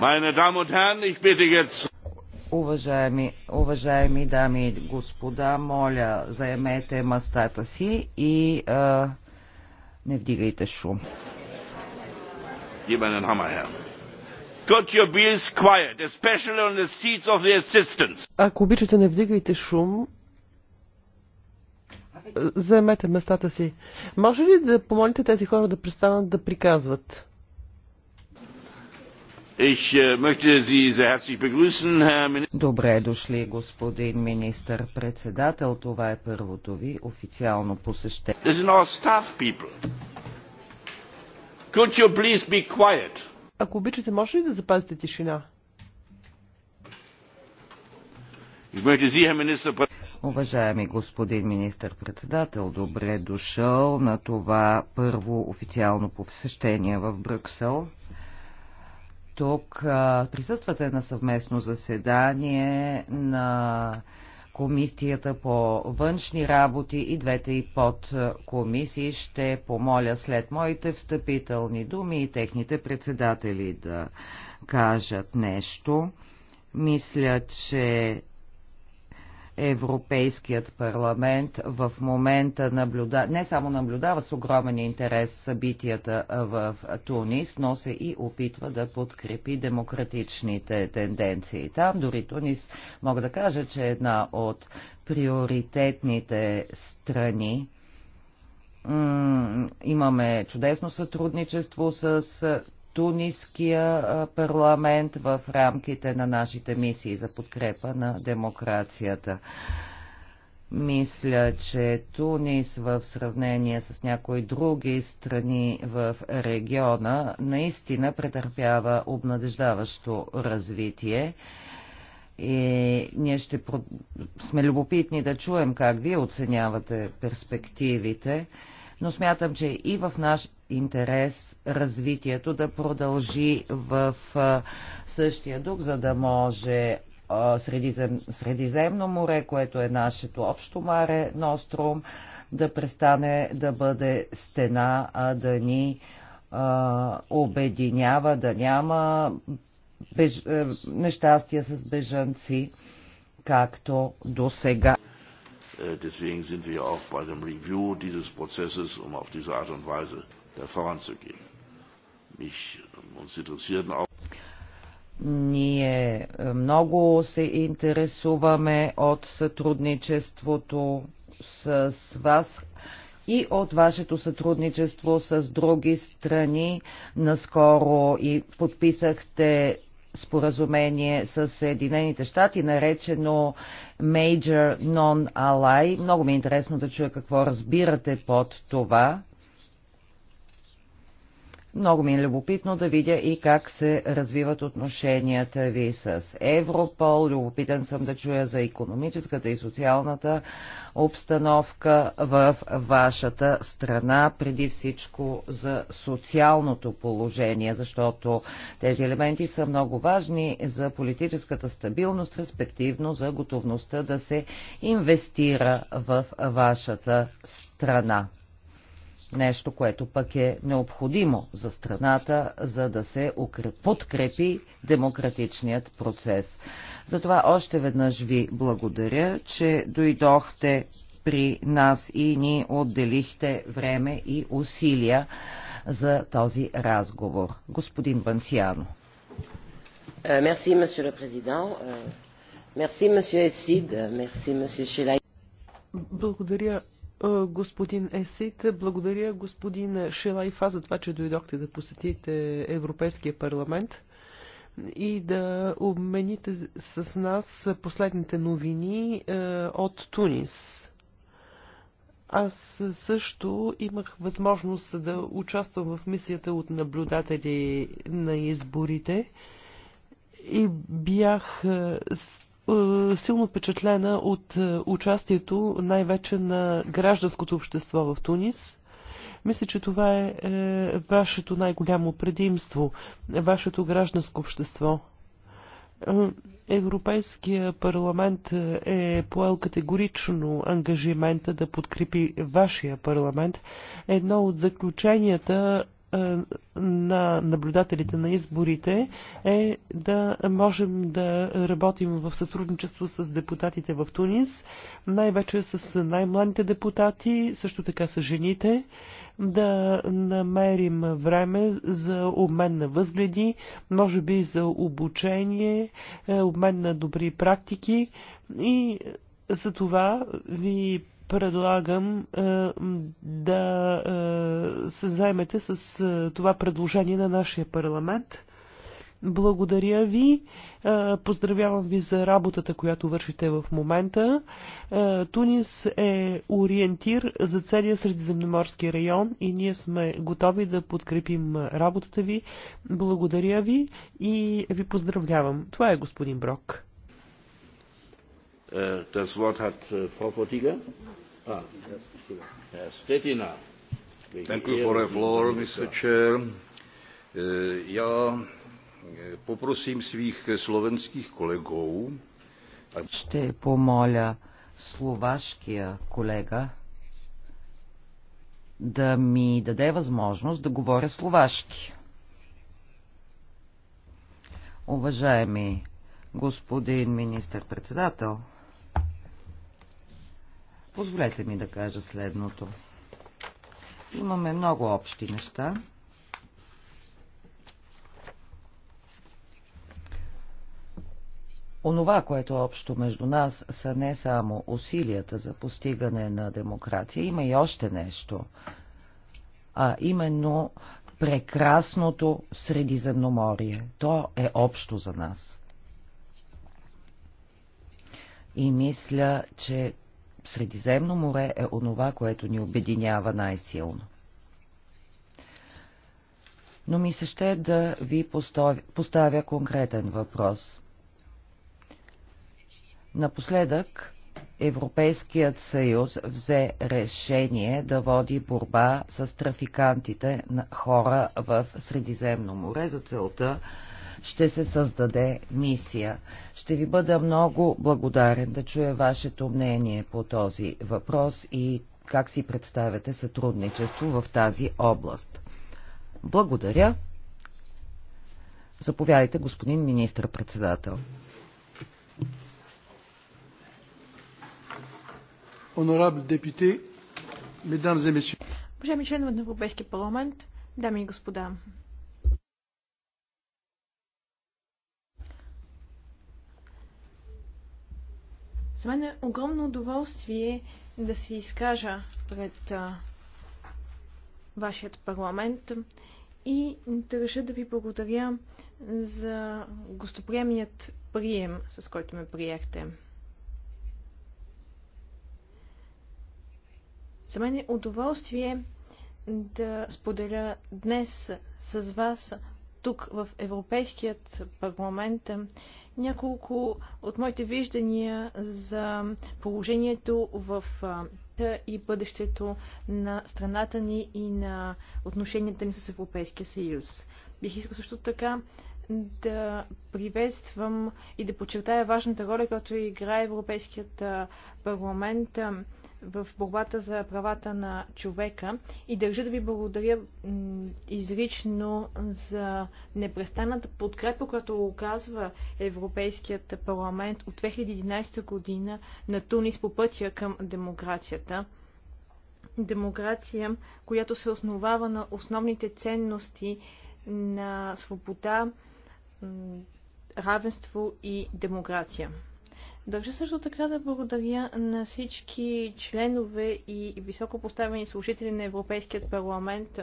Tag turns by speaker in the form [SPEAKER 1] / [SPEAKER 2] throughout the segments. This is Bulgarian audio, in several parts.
[SPEAKER 1] Meine
[SPEAKER 2] Damen und Herren, ich bitte jetzt
[SPEAKER 1] Уважаеми, уважаеми дами и господа, моля, заемете мастата си и а, не вдигайте шум.
[SPEAKER 2] Ако обичате, не вдигайте шум. Заемете местата си. Може ли да помолите
[SPEAKER 1] тези хора да престанат да приказват?
[SPEAKER 2] Ich äh, möchte Sie sehr herzlich begrüßen, Herr
[SPEAKER 1] Добре дошли, господин министър-председател. Това е първото ви официално посещение.
[SPEAKER 2] This is our staff
[SPEAKER 1] people. Could you please be quiet? Ако обичате, може ли да запазите тишина?
[SPEAKER 2] Ich möchte Sie, Herr Minister...
[SPEAKER 1] Уважаеми господин министър-председател, добре дошъл на това първо официално посещение в Брюксел тук присъствате на съвместно заседание на комисията по външни работи и двете и под комисии. Ще помоля след моите встъпителни думи и техните председатели да кажат нещо. Мисля, че Европейският парламент в момента наблюдава, не само наблюдава с огромен интерес събитията в Тунис, но се и опитва да подкрепи демократичните тенденции. Там дори Тунис, мога да кажа, че е една от приоритетните страни. Имаме чудесно сътрудничество с туниския парламент в рамките на нашите мисии за подкрепа на демокрацията. Мисля, че Тунис в сравнение с някои други страни в региона наистина претърпява обнадеждаващо развитие. И ние ще сме любопитни да чуем как вие оценявате перспективите, но смятам, че и в наш интерес развитието да продължи в същия дух, за да може Средизем, Средиземно море, което е нашето общо маре, Ностром, да престане да бъде стена, а да ни а, обединява, да няма беж... а, нещастия с бежанци, както до сега.
[SPEAKER 3] Е, deswegen sind wir auch bei dem Review dieses Prozesses, um auf diese Art und Weise
[SPEAKER 2] Äh, voranzugehen. Mich, äh, uns interessieren auch
[SPEAKER 1] ние äh, много се интересуваме от сътрудничеството с вас и от вашето сътрудничество с други страни. Наскоро и подписахте споразумение с Съединените щати, наречено Major Non-Ally. Много ми е интересно да чуя какво разбирате под това. Много ми е любопитно да видя и как се развиват отношенията ви с Европол. Любопитен съм да чуя за економическата и социалната обстановка в вашата страна, преди всичко за социалното положение, защото тези елементи са много важни за политическата стабилност, респективно за готовността да се инвестира в вашата страна. Нещо, което пък е необходимо за страната, за да се подкрепи демократичният процес. Затова още веднъж ви благодаря, че дойдохте при нас и ни отделихте време и усилия за този разговор. Господин Банциано. Е, мерси, месье президент. Е, мерси, месье Есид. Е, мерси, месье Шилай.
[SPEAKER 2] Благодаря, господин Есит. Благодаря господин Шилайфа за това, че дойдохте да посетите Европейския парламент и да обмените с нас последните новини от Тунис. Аз също имах възможност да участвам в мисията от наблюдатели на изборите и бях е, силно впечатлена от е, участието най-вече на гражданското общество в Тунис. Мисля, че това е, е вашето най-голямо предимство, вашето гражданско общество. Европейския парламент е поел категорично ангажимента да подкрепи вашия парламент. Едно от заключенията е, на наблюдателите на изборите е да можем да работим в сътрудничество с депутатите в Тунис, най-вече с най-младите депутати, също така с жените, да намерим време за обмен на възгледи, може би за обучение, е, обмен на добри практики и за това ви предлагам е, да е, се займете с е, това предложение на нашия парламент. Благодаря ви. Поздравявам ви за работата, която вършите в момента. Тунис е ориентир за целия средиземноморски район и ние сме готови да подкрепим работата ви. Благодаря ви и ви поздравлявам. Това е господин Брок. Äh, das Wort hat äh, Frau Fotiga. Ah, Herr Stetina. Thank you for the floor, Mr.
[SPEAKER 3] Chair. Äh, Já poprosím svých slovenských kolegů.
[SPEAKER 1] Ще помоля словашкия колега да ми даде възможност да говоря словашки. Уважаеми господин министър-председател, Позволете ми да кажа следното. Имаме много общи неща. Онова, което е общо между нас са не само усилията за постигане на демокрация, има и още нещо, а именно прекрасното Средиземноморие. То е общо за нас. И мисля, че Средиземно море е онова, което ни обединява най-силно. Но ми се ще да ви поставя, поставя конкретен въпрос. Напоследък Европейският съюз взе решение да води борба с трафикантите на хора в Средиземно море. За целта ще се създаде мисия. Ще ви бъда много благодарен да чуя вашето мнение по този въпрос и как си представяте сътрудничество в тази област. Благодаря. Заповядайте, господин министр-председател.
[SPEAKER 3] Honorable député, mesdames et messieurs. Уважаеми членове на Европейския парламент, дами и господа, За мен е огромно удоволствие да се изкажа пред а, вашият парламент и държа да ви благодаря за гостоприемният прием, с който ме приехте. За мен е удоволствие да споделя днес с вас тук в Европейският парламент е, няколко от моите виждания за положението в и бъдещето на страната ни и на отношенията ни с Европейския съюз. Бих искал също така да приветствам и да подчертая важната роля, която играе Европейският парламент в борбата за правата на човека и държа да ви благодаря изрично за непрестанната подкрепа, която оказва Европейският парламент от 2011 година на Тунис по пътя към демокрацията. Демокрация, която се основава на основните ценности на свобода, равенство и демокрация. Държа също така да благодаря на всички членове и високо поставени служители на Европейският парламент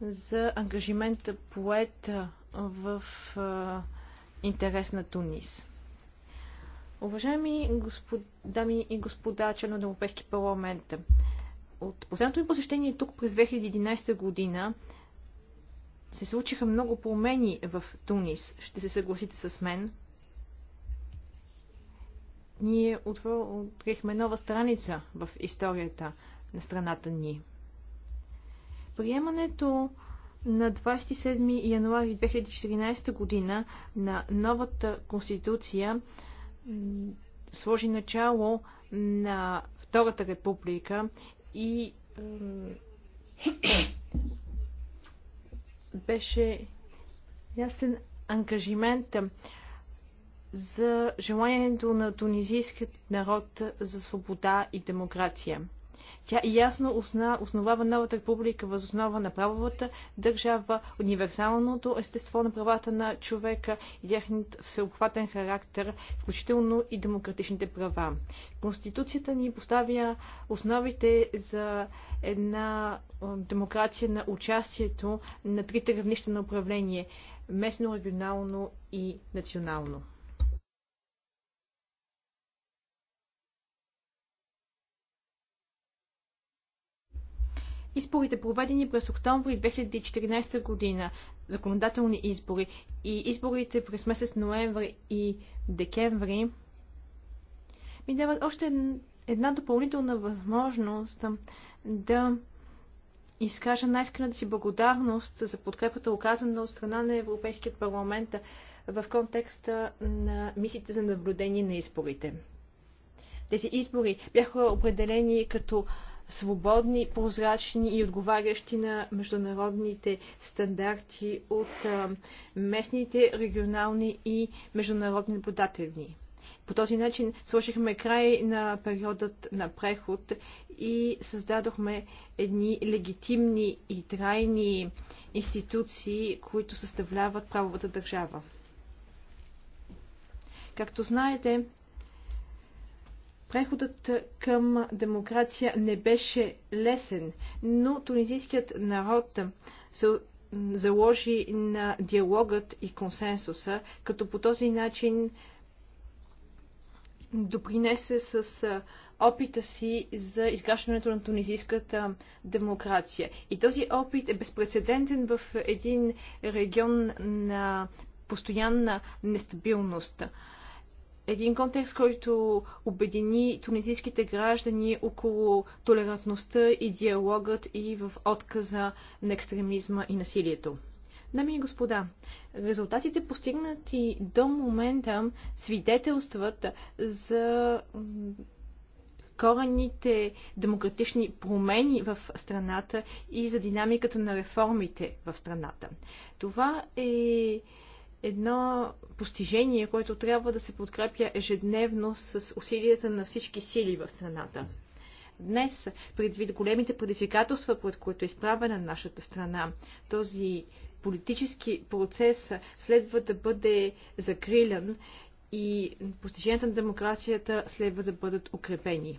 [SPEAKER 3] за ангажимент поет в интерес на Тунис. Уважаеми господ... дами и господа, членове на Европейски парламент, от последното ми посещение тук през 2011 година се случиха много промени в Тунис. Ще се съгласите с мен ние открихме нова страница в историята на страната ни. Приемането на 27 януари 2014 година на новата конституция сложи начало на Втората република и беше ясен ангажимент за желанието на тунизийският народ за свобода и демокрация. Тя ясно основава новата република възоснова на правовата държава, универсалното естество на правата на човека и тяхният всеобхватен характер, включително и демократичните права. Конституцията ни поставя основите за една демокрация на участието на трите равнища на управление местно, регионално и национално. изборите проведени през октомври 2014 година, законодателни избори и изборите през месец ноември и декември, ми дават още една допълнителна възможност да изкажа най-искрената си благодарност за подкрепата, оказана от страна на Европейският парламент в контекста на мисиите за наблюдение на изборите. Тези избори бяха определени като свободни, прозрачни и отговарящи на международните стандарти от местните, регионални и международни наблюдателни. По този начин сложихме край на периодът на преход и създадохме едни легитимни и трайни институции, които съставляват правовата държава. Както знаете, Преходът към демокрация не беше лесен, но тунизийският народ се заложи на диалогът и консенсуса, като по този начин допринесе с опита си за изграждането на тунизийската демокрация. И този опит е безпредседентен в един регион на постоянна нестабилност един контекст, който обедини тунизийските граждани около толерантността и диалогът и в отказа на екстремизма и насилието. Дами и господа, резултатите постигнати до момента свидетелстват за корените демократични промени в страната и за динамиката на реформите в страната. Това е едно постижение, което трябва да се подкрепя ежедневно с усилията на всички сили в страната. Днес, предвид големите предизвикателства, пред които е изправена нашата страна, този политически процес следва да бъде закрилен и постиженията на демокрацията следва да бъдат укрепени.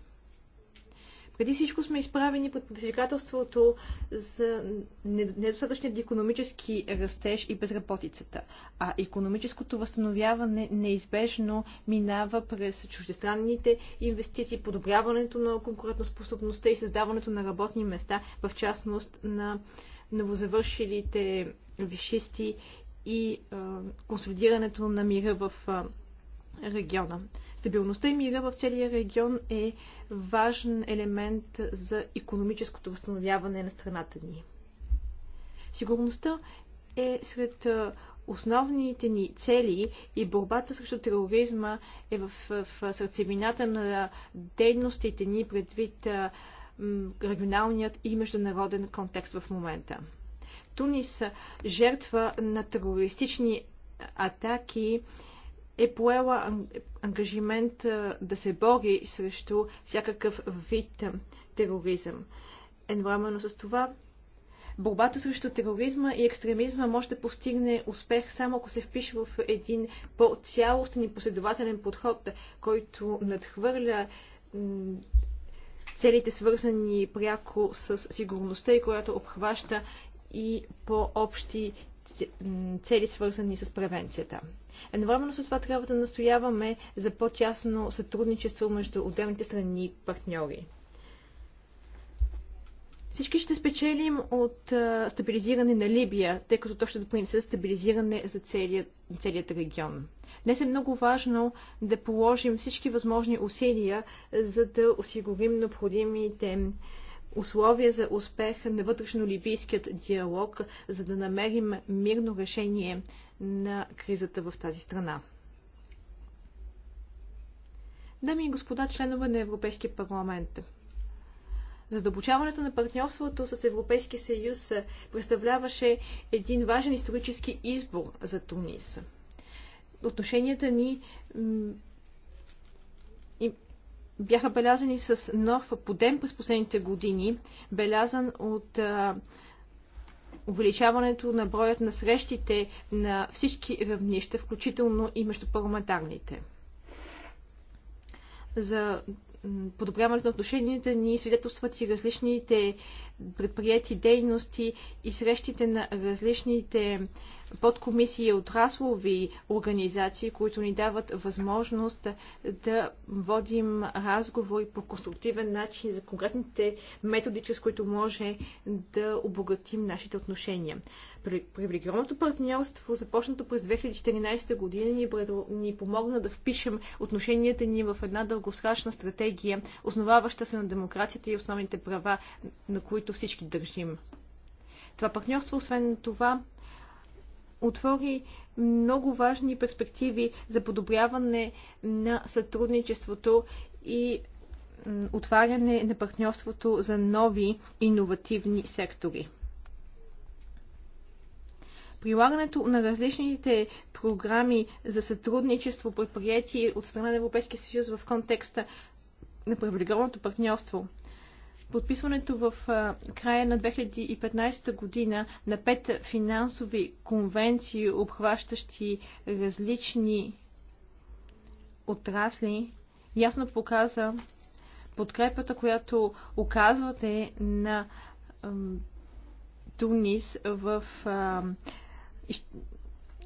[SPEAKER 3] Преди всичко сме изправени под предизвикателството за недостатъчният економически растеж и безработицата. А економическото възстановяване неизбежно минава през чуждестранните инвестиции, подобряването на конкурентоспособността и създаването на работни места, в частност на новозавършилите вишисти и консолидирането на мира в региона. Стабилността и мира в целия регион е важен елемент за економическото възстановяване на страната ни. Сигурността е сред основните ни цели и борбата срещу тероризма е в, в, в сърцевината на дейностите ни предвид регионалният и международен контекст в момента. Тунис жертва на терористични атаки е поела ангажимент да се бори срещу всякакъв вид тероризъм. Едновременно с това, борбата срещу тероризма и екстремизма може да постигне успех само ако се впише в един по-цялостен и последователен подход, който надхвърля целите свързани пряко с сигурността и която обхваща и по-общи цели свързани с превенцията. Едновременно с това трябва да настояваме за по-тясно сътрудничество между отделните страни и партньори. Всички ще спечелим от а, стабилизиране на Либия, тъй като то ще допринесе стабилизиране за целият, целият регион. Днес е много важно да положим всички възможни усилия, за да осигурим необходимите условия за успех на вътрешно-либийският диалог, за да намерим мирно решение на кризата в тази страна. Дами и господа членове на Европейския парламент, Задълбочаването на партньорството с Европейския съюз представляваше един важен исторически избор за Тунис. Отношенията ни бяха белязани с нов подем през последните години, белязан от увеличаването на броят на срещите на всички равнища, включително и между парламентарните. За подобряването на отношенията ни свидетелстват и различните предприяти дейности и срещите на различните подкомисии и отраслови организации, които ни дават възможност да водим разговори по конструктивен начин за конкретните методи, чрез които може да обогатим нашите отношения. Привилегионното партньорство, започнато през 2014 година, ни, ни помогна да впишем отношенията ни в една дългосрачна стратегия, основаваща се на демокрацията и основните права, на които всички държим. Това партньорство, освен това, отвори много важни перспективи за подобряване на сътрудничеството и отваряне на партньорството за нови иновативни сектори. Прилагането на различните програми за сътрудничество, предприятие от страна на Европейския съюз в контекста на привилегированото партньорство подписването в края на 2015 година на пет финансови конвенции, обхващащи различни отрасли, ясно показа подкрепата, която оказвате на Тунис в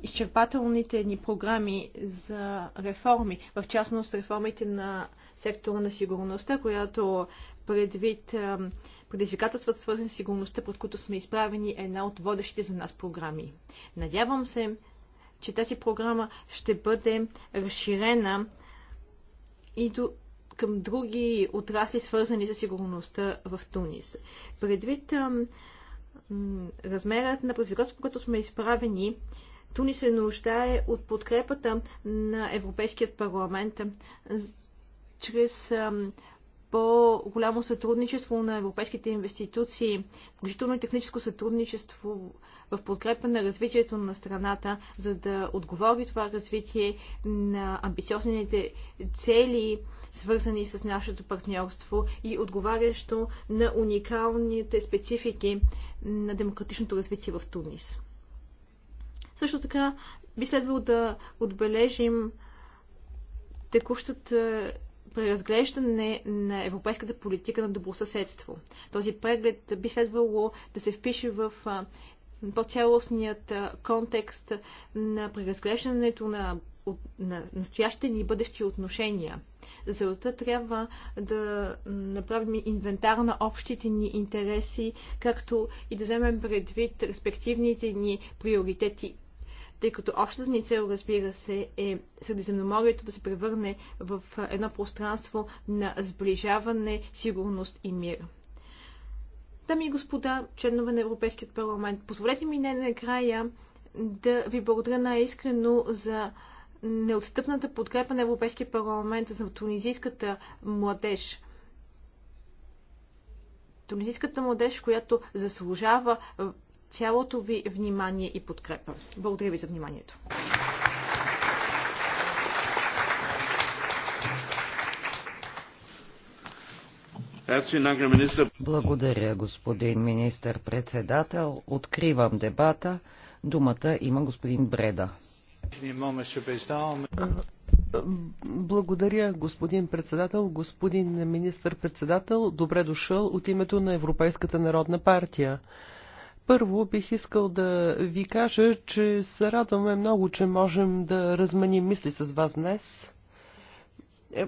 [SPEAKER 3] изчерпателните ни програми за реформи, в частност реформите на сектора на сигурността, която предвид е, предизвикателствата, свързани с сигурността, под които сме изправени, е една от водещите за нас програми. Надявам се, че тази програма ще бъде разширена и до, към други отрасли, свързани с сигурността в Тунис. Предвид ам, размерът на предизвикателството, което сме изправени, Туни се нуждае от подкрепата на Европейският парламент чрез по-голямо сътрудничество на европейските инвестиции, включително и техническо сътрудничество в подкрепа на развитието на страната, за да отговори това развитие на амбициозните цели, свързани с нашето партньорство и отговарящо на уникалните специфики на демократичното развитие в Тунис. Също така би следвало да отбележим текущата преразглеждане на европейската политика на добросъседство. Този преглед би следвало да се впише в по-цялостният контекст на преразглеждането на, на настоящите ни бъдещи отношения. За целта трябва да направим инвентар на общите ни интереси, както и да вземем предвид респективните ни приоритети тъй като общата ни цел, разбира се, е Средиземноморието да се превърне в едно пространство на сближаване, сигурност и мир. Дами и господа, членове на Европейският парламент, позволете ми не накрая да ви благодаря най-искрено за неотстъпната подкрепа на Европейския парламент за тунизийската младеж. Тунизийската младеж, която заслужава цялото ви внимание и подкрепа. Благодаря ви за вниманието.
[SPEAKER 1] Благодаря, господин министър-председател. Откривам дебата. Думата има господин Бреда. Благодаря, господин председател, господин министър-председател.
[SPEAKER 2] Добре дошъл от името на Европейската народна партия. Първо бих искал да ви кажа, че се радваме много, че можем да разменим мисли с вас днес е, е,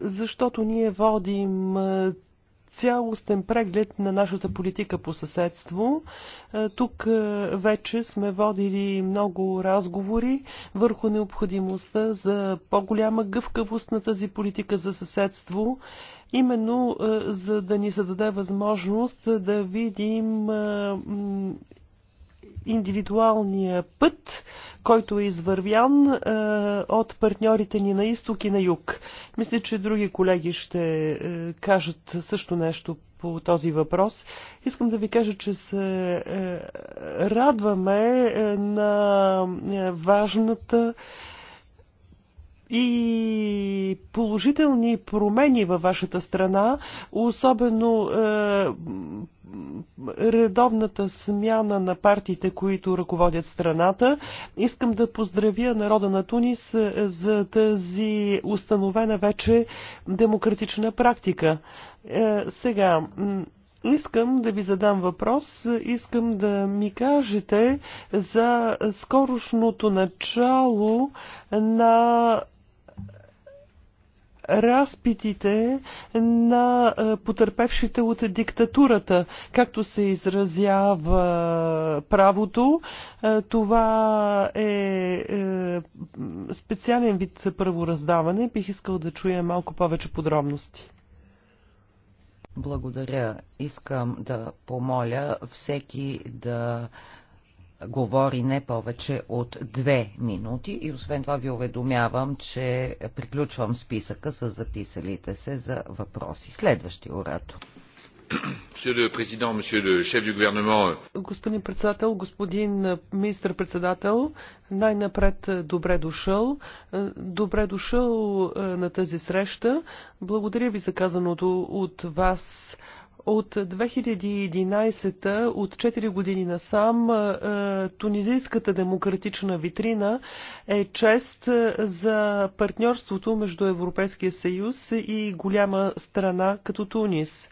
[SPEAKER 2] защото ние водим е, цялостен преглед на нашата политика по съседство. Тук вече сме водили много разговори върху необходимостта за по-голяма гъвкавост на тази политика за съседство именно е, за да ни зададе възможност да видим е, индивидуалния път, който е извървян е, от партньорите ни на изток и на юг. Мисля, че други колеги ще кажат също нещо по този въпрос. Искам да ви кажа, че се радваме на важната и положителни промени във вашата страна, особено е, редовната смяна на партиите, които ръководят страната. Искам да поздравя народа на Тунис е, за тази установена вече демократична практика. Е, сега, Искам да ви задам въпрос, искам да ми кажете за скорошното начало на разпитите на е, потерпевшите от диктатурата, както се изразява правото. Е, това е, е специален вид правораздаване. Бих искал да чуя малко повече подробности.
[SPEAKER 1] Благодаря. Искам да помоля всеки да говори не повече от две минути и освен това ви уведомявам, че приключвам списъка с записалите се за въпроси. Следващия оратор.
[SPEAKER 2] Господин председател, господин министър председател най-напред е, добре дошъл. Е, добре дошъл е, на тази среща. Благодаря ви за казаното от вас от 2011 от 4 години насам, е, е, тунизийската демократична витрина е чест е, за партньорството между Европейския съюз и голяма страна като Тунис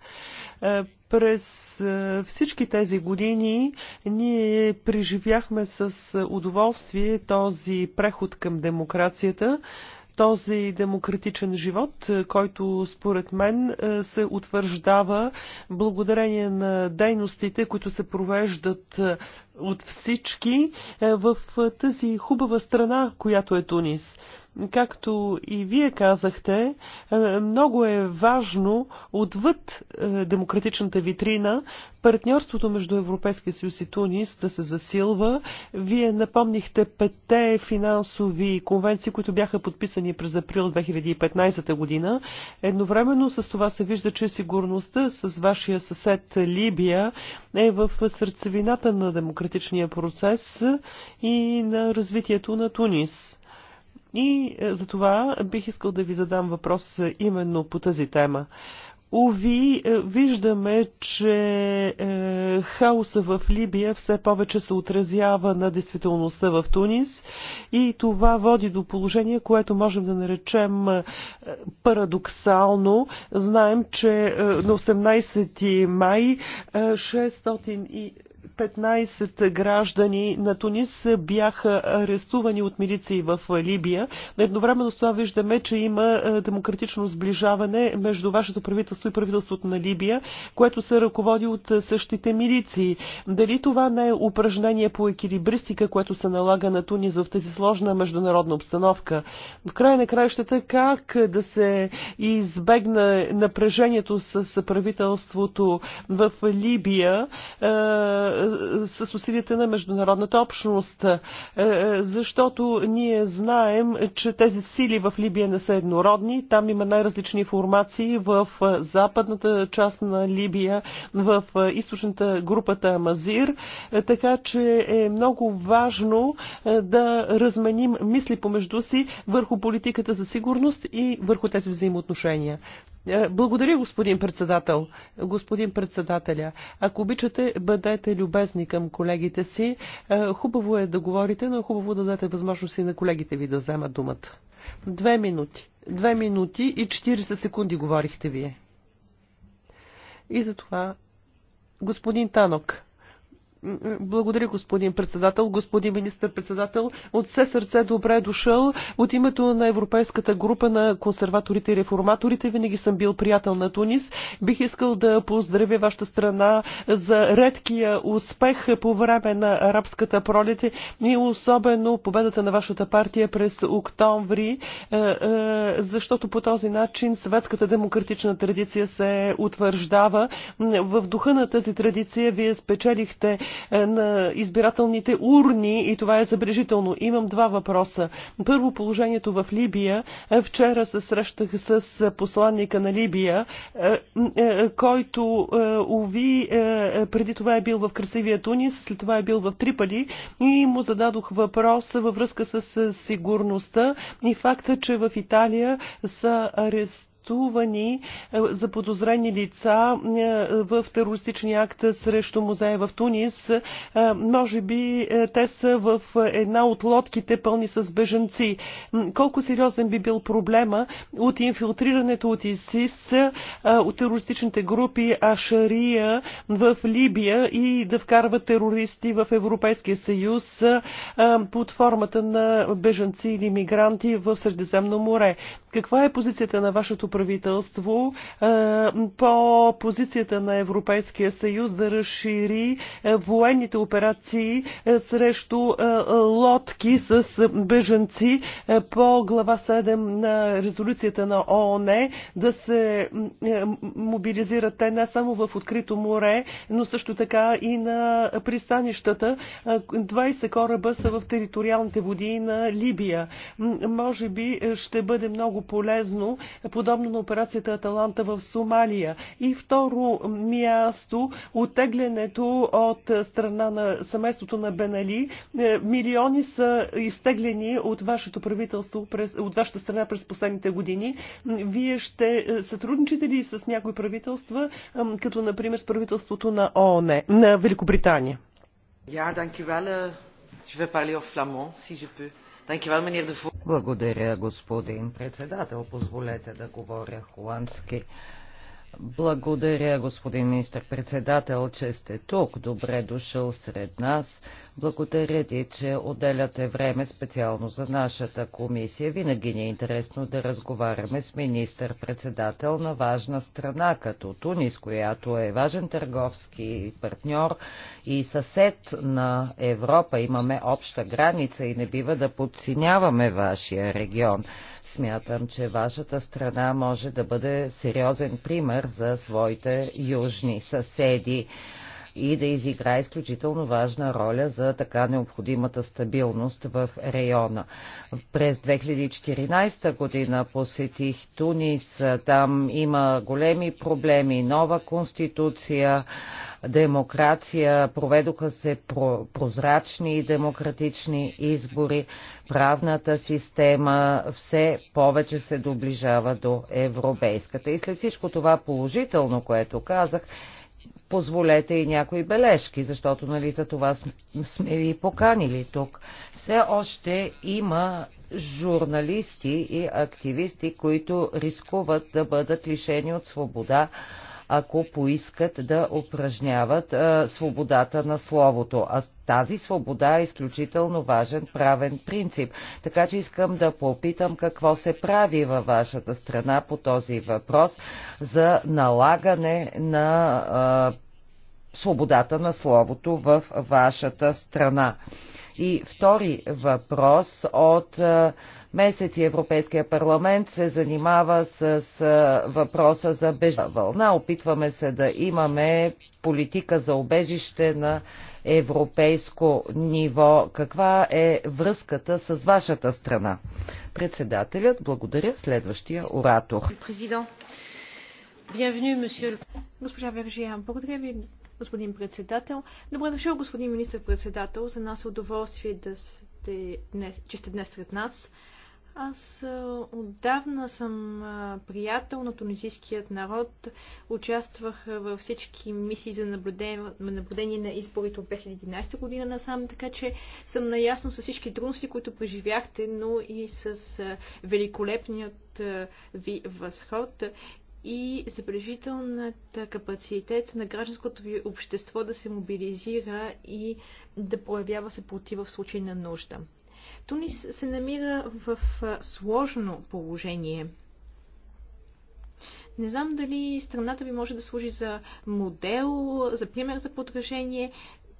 [SPEAKER 2] през всички тези години ние преживяхме с удоволствие този преход към демокрацията, този демократичен живот, е, който според мен е, се утвърждава благодарение на дейностите, които се провеждат е, от всички в тази хубава страна, която е Тунис. Както и вие казахте, е, много е важно отвъд е, демократичната витрина партньорството между Европейския съюз и Тунис да се засилва. Вие напомнихте петте финансови конвенции, които бяха подписани през април 2015 година. Едновременно с това се вижда, че сигурността с вашия съсед Либия е в сърцевината на демократичния процес и на развитието на Тунис. И е, за това бих искал да ви задам въпрос е, именно по тази тема. Уви, е, виждаме, че е, хаоса в Либия все повече се отразява на действителността в Тунис и това води до положение, което можем да наречем е, парадоксално. Знаем, че е, на 18 май е, 600 и 15 граждани на Тунис бяха арестувани от милиции в Либия. Едновременно с това виждаме, че има е, демократично сближаване между вашето правителство и правителството на Либия, което се ръководи от е, същите милиции. Дали това не е упражнение по екилибристика, което се налага на Тунис в тази сложна международна обстановка? В край на краищата как да се избегне напрежението с правителството в Либия, е, с усилията на международната общност, е, е, защото ние знаем, че тези сили в Либия не са еднородни. Там има най-различни формации в е, западната част на Либия, в източната групата Амазир, така че е много важно да разменим мисли помежду си върху политиката за сигурност и върху тези взаимоотношения. Благодаря, господин председател. Господин председателя, ако обичате, бъдете любви любезни към колегите си. Е, хубаво е да говорите, но е хубаво да дадете възможност и на колегите ви да вземат думата. Две минути. Две минути и 40 секунди говорихте вие. И затова, господин Танок, благодаря, господин председател. Господин министр-председател, от все сърце добре е дошъл. От името на Европейската група на консерваторите и реформаторите винаги съм бил приятел на Тунис. Бих искал да поздравя вашата страна за редкия успех по време на арабската пролет и особено победата на вашата партия през октомври, е, е, защото по този начин светската демократична традиция се утвърждава. В духа на тази традиция вие спечелихте е, на избирателните урни и това е забележително. Имам два въпроса. Първо положението в Либия. Е, вчера се срещах с е, посланника на Либия, който, уви, преди това е бил в красивия Тунис, след това е бил в Трипали и му зададох въпрос във връзка с сигурността и факта, че в Италия са арестувани арестувани е, за подозрени лица е, в терористичния акт срещу музея в Тунис. Е, може би те са в една от лодките пълни с бежанци. Колко сериозен би бил проблема от инфилтрирането от ИСИС, от терористичните групи Ашария в Либия и да вкарват терористи в Европейския съюз под формата на бежанци или мигранти в Средиземно море. Каква е позицията на вашето правителство е, по позицията на Европейския съюз да разшири е, военните операции е, срещу лодки с беженци по глава 7 на резолюцията на ООН да се мобилизират те не само в открито море, но също така и на пристанищата. 20 кораба са в териториалните води на Либия. Може би ще бъде много полезно подобно подобно на операцията Аталанта в Сомалия. И второ място, оттеглянето от страна на семейството на Бенали. Е, милиони са изтеглени от вашето правителство, през, от вашата страна през последните години. Вие ще е, сътрудничите ли с някои правителства, като например с правителството на ООН, на Великобритания? Ja, yeah, Je vais parler au flamand, si je peux.
[SPEAKER 1] Благодаря, господин председател. Позволете да говоря холандски. Благодаря, господин министр-председател, че сте тук. Добре дошъл сред нас. Благодаря ти, че отделяте време специално за нашата комисия. Винаги ни е интересно да разговаряме с министър-председател на важна страна, като Тунис, която е важен търговски партньор и съсед на Европа. Имаме обща граница и не бива да подсиняваме вашия регион. Смятам, че вашата страна може да бъде сериозен пример за своите южни съседи и да изигра изключително важна роля за така необходимата стабилност в района. През 2014 година посетих Тунис. Там има големи проблеми, нова конституция, демокрация, проведоха се прозрачни и демократични избори, правната система все повече се доближава до европейската. И след всичко това положително, което казах, позволете и някои бележки, защото нали за това сме ви поканили тук. Все още има журналисти и активисти, които рискуват да бъдат лишени от свобода ако поискат да упражняват а, свободата на словото. А тази свобода е изключително важен правен принцип. Така че искам да попитам какво се прави във вашата страна по този въпрос за налагане на а, свободата на словото в вашата страна. И втори въпрос от а, месеци Европейския парламент се занимава с въпроса за бежа вълна. Опитваме се да имаме политика за обежище на европейско ниво. Каква е връзката с вашата страна? Председателят, благодаря. Следващия оратор.
[SPEAKER 3] Госпожа Вержия, благодаря ви, господин председател. Добре дошъл, господин министр-председател. За нас е удоволствие да сте днес, че сте днес сред нас. Аз е, отдавна съм е, приятел на тунизийският народ. Участвах е, във всички мисии за наблюдение, наблюдение на изборите от 2011 година насам, така че съм наясно с всички трудности, които преживяхте, но и с великолепният ви възход и забележителната капацитет на гражданското ви общество да се мобилизира и да проявява съпротива в случай на нужда. Тунис се намира в сложно положение. Не знам дали страната ви може да служи за модел, за пример за подражение.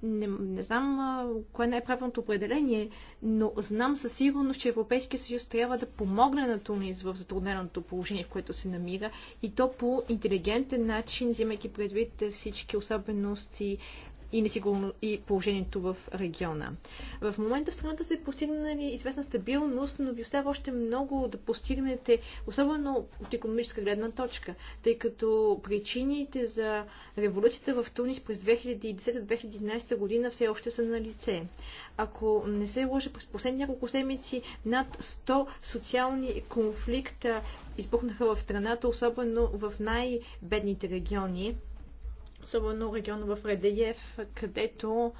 [SPEAKER 3] Не, не знам а, кое е най-правилното определение, но знам със сигурност, че Европейския съюз трябва да помогне на Тунис в затрудненото положение, в което се намира и то по интелигентен начин, взимайки предвид всички особености и, несигурно, и положението в региона. В момента в страната постигна постигнали известна стабилност, но ви остава още много да постигнете, особено от економическа гледна точка, тъй като причините за революцията в Тунис през 2010-2011 година все още са на лице. Ако не се лъжа, през последните няколко седмици над 100 социални конфликта избухнаха в страната, особено в най-бедните региони особено региона в Редеев, където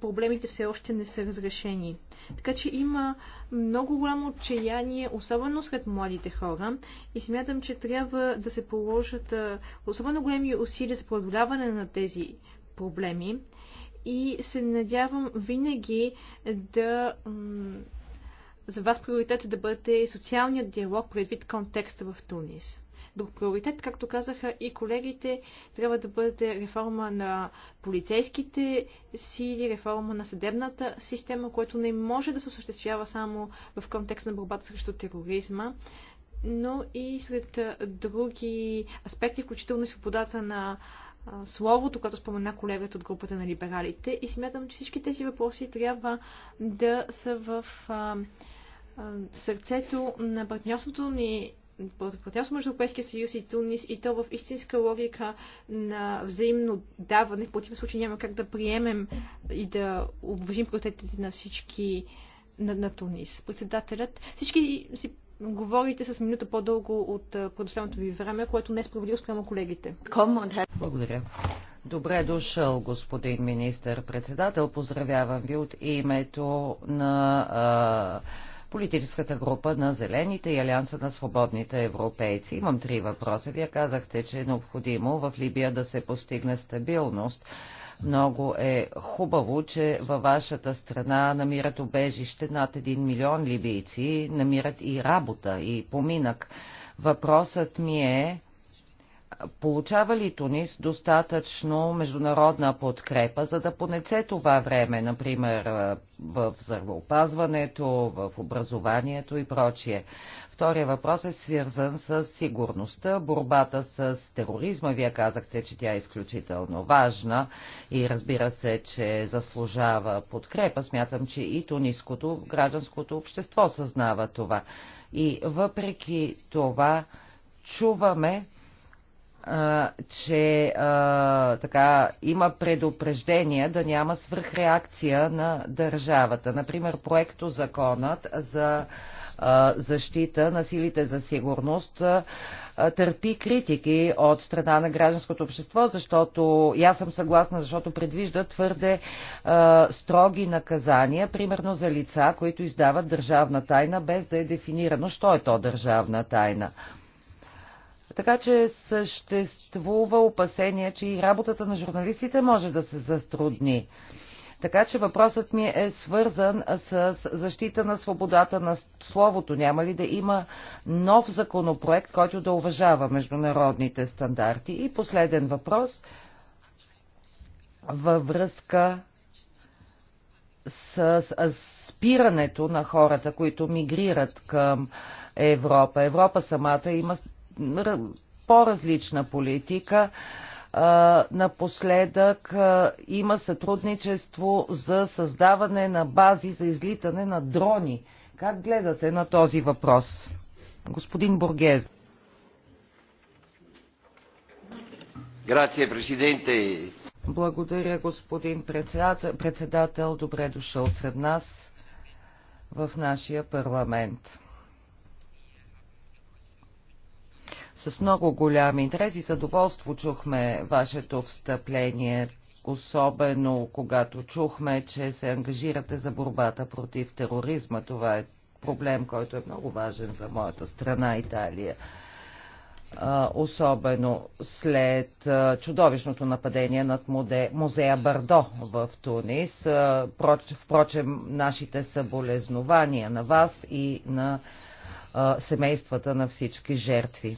[SPEAKER 3] проблемите все още не са разрешени. Така че има много голямо отчаяние, особено сред младите хора и смятам, че трябва да се положат особено големи усилия за преодоляване на тези проблеми и се надявам винаги да за вас приоритет да бъде социалният диалог предвид контекста в Тунис друг приоритет. Както казаха и колегите, трябва да бъде реформа на полицейските сили, реформа на съдебната система, което не може да се осъществява само в контекст на борбата срещу тероризма но и сред други аспекти, включително и свободата на словото, като спомена колегата от групата на либералите. И смятам, че всички тези въпроси трябва да са в сърцето на партньорството ни партньорство между Европейския съюз и Тунис и то в истинска логика на взаимно даване. В противен случай няма как да приемем и да обважим протетите на всички на, на Тунис. Председателят, всички си говорите с минута по-дълго от предоставеното ви време, което не е справедливо спрямо колегите.
[SPEAKER 1] Благодаря. Добре е дошъл, господин министър-председател. Поздравявам ви от името на а, политическата група на Зелените и Алианса на свободните европейци. Имам три въпроса. Вие казахте, че е необходимо в Либия да се постигне стабилност. Много е хубаво, че във вашата страна намират обежище над 1 милион либийци, намират и работа, и поминък. Въпросът ми е Получава ли Тунис достатъчно международна подкрепа, за да понесе това време, например в здравеопазването, в образованието и прочие? Втория въпрос е свързан с сигурността, борбата с тероризма. Вие казахте, че тя е изключително важна и разбира се, че заслужава подкрепа. Смятам, че и туниското гражданското общество съзнава това. И въпреки това чуваме че а, така, има предупреждение да няма свръхреакция на държавата. Например, проекто законът за а, защита на силите за сигурност а, търпи критики от страна на гражданското общество, защото и аз съм съгласна, защото предвижда твърде а, строги наказания, примерно за лица, които издават държавна тайна, без да е дефинирано, що е то държавна тайна. А, така че съществува опасение, че и работата на журналистите може да се затрудни. Така че въпросът ми е свързан с защита на свободата на словото. Няма ли да има нов законопроект, който да уважава международните стандарти? И последен въпрос във връзка с, с спирането на хората, които мигрират към Европа. Европа самата има по-различна политика. Напоследък има сътрудничество за създаване на бази за излитане на дрони. Как гледате на този въпрос? Господин Бургез.
[SPEAKER 3] президенте.
[SPEAKER 1] Благодаря, господин председател. Добре дошъл сред нас в нашия парламент. С много голям интерес и задоволство чухме вашето встъпление, особено когато чухме, че се ангажирате за борбата против тероризма. Това е проблем, който е много важен за моята страна Италия особено след чудовищното нападение над музея Бардо в Тунис. Впрочем, нашите съболезнования на вас и на семействата на всички жертви.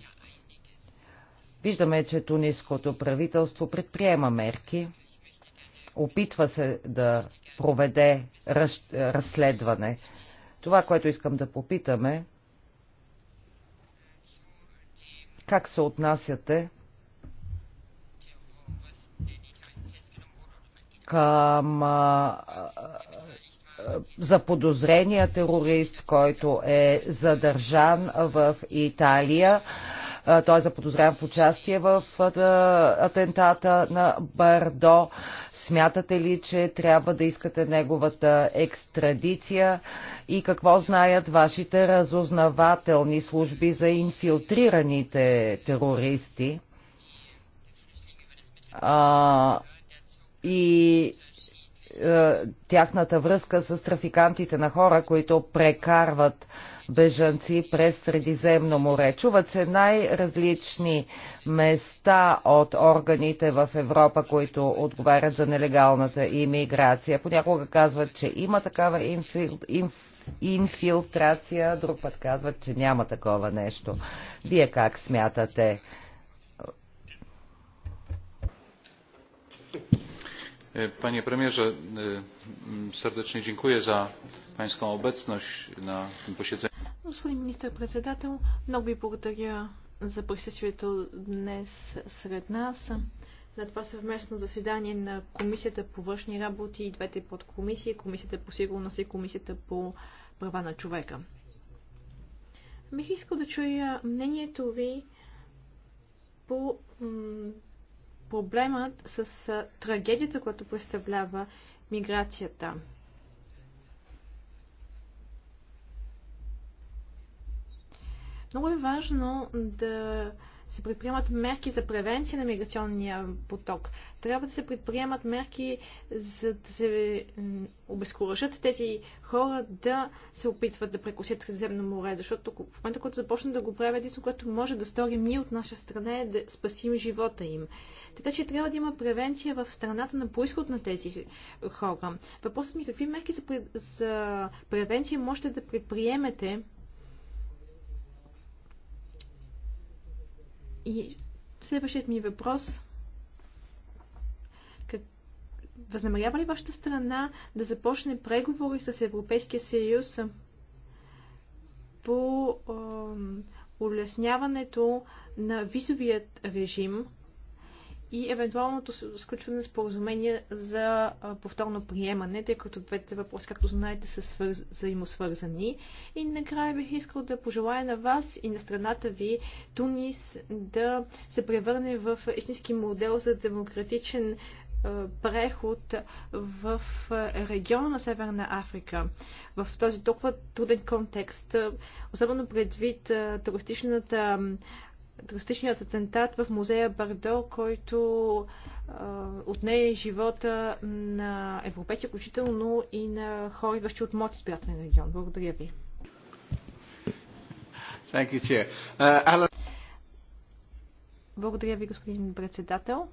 [SPEAKER 1] Виждаме, че тунисското правителство предприема мерки, опитва се да проведе раз, разследване. Това, което искам да попитаме, как се отнасяте към а, за подозрения терорист, който е задържан в Италия. Той е заподозрян в участие в атентата на Бардо. Смятате ли, че трябва да искате неговата екстрадиция и какво знаят вашите разузнавателни служби за инфилтрираните терористи? А, и е, тяхната връзка с трафикантите на хора, които прекарват бежанци през Средиземно море. Чуват се най-различни места от органите в Европа, които отговарят за нелегалната имиграция. Понякога казват, че има такава инфил... инф... инфилтрация, друг път казват, че няма такова нещо. Вие как смятате?
[SPEAKER 2] E, panie premierze, e, serdecznie dziękuję za pańską obecność na tym posiedzeniu.
[SPEAKER 3] Господин министър-председател, много ви благодаря за присъствието днес сред нас на това съвместно заседание на Комисията по външни работи и двете подкомисии, Комисията по сигурност и Комисията по права на човека. Бих искал да чуя мнението ви по проблемът с трагедията, която представлява миграцията. Много е важно да се предприемат мерки за превенция на миграционния поток. Трябва да се предприемат мерки за да се обезкуражат тези хора да се опитват да прекусят Средиземно море, защото в момента, когато започнат да го правят, единствено, което може да сторим ние от наша страна е да спасим живота им. Така че трябва да има превенция в страната на происход на тези хора. Въпросът ми е, какви мерки за, за превенция можете да предприемете, И следващият ми въпрос. Как... Възнамерява ли вашата страна да започне преговори с Европейския съюз по улесняването на визовият режим и евентуалното сключване на споразумения за повторно приемане, тъй като двете въпроси, както знаете, са свърз... взаимосвързани. И накрая бих искал да пожелая на вас и на страната ви Тунис да се превърне в истински модел за демократичен преход в региона на Северна Африка. В този толкова труден контекст, особено предвид туристичната драстичният атентат в музея Бардо, който отне живота на европейци, включително и на хора, идващи от моят избирателен регион. Благодаря ви. You, uh, Благодаря ви, господин председател.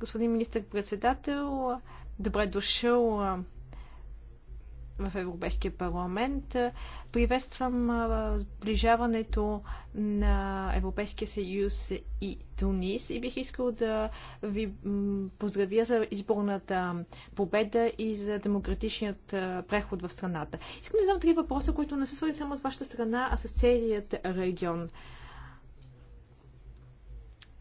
[SPEAKER 3] Господин министър-председател, добре дошъл в Европейския парламент. Приветствам сближаването на Европейския съюз и Тунис и бих искал да ви поздравя за изборната победа и за демократичният преход в страната. Искам да задам три въпроса, които не са свързани само с вашата страна, а с целият регион.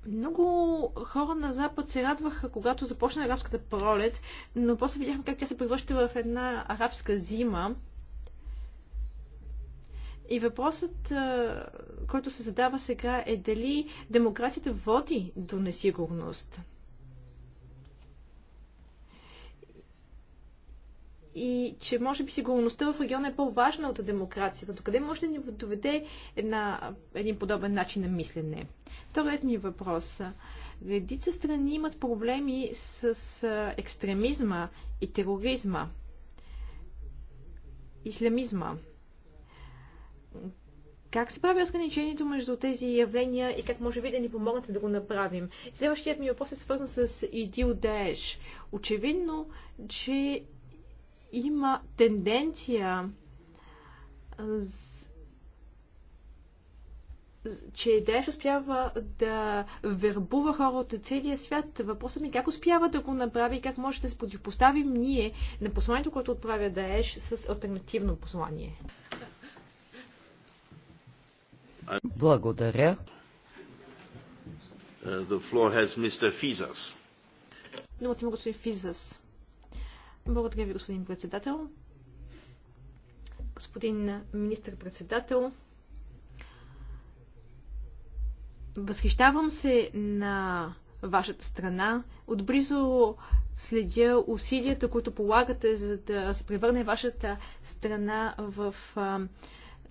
[SPEAKER 3] Много хора на Запад се радваха, когато започна арабската пролет, но после видяхме как тя се превръща в една арабска зима. И въпросът, който се задава сега е дали демокрацията води до несигурност. и че може би сигурността в региона е по-важна от демокрацията. До къде може да ни доведе една, един подобен начин на мислене? Вторият ми въпрос. Редица страни имат проблеми с екстремизма и тероризма, ислямизма. Как се прави разграничението между тези явления и как може би да ни помогнете да го направим? Следващият ми въпрос е свързан с ИДИЛ ДАЕШ. Очевидно, че има тенденция че Даеш успява да вербува хора от целия свят. Въпросът ми е как успява да го направи и как може да се противопоставим ние на посланието, което отправя Даеш с альтернативно послание.
[SPEAKER 1] Благодаря. Uh, the
[SPEAKER 2] floor has Mr. Fizas.
[SPEAKER 3] Думата има господин Физас. Благодаря ви, господин председател. Господин министър-председател, Възхищавам се на вашата страна. Отблизо следя усилията, които полагате, за да се превърне вашата страна в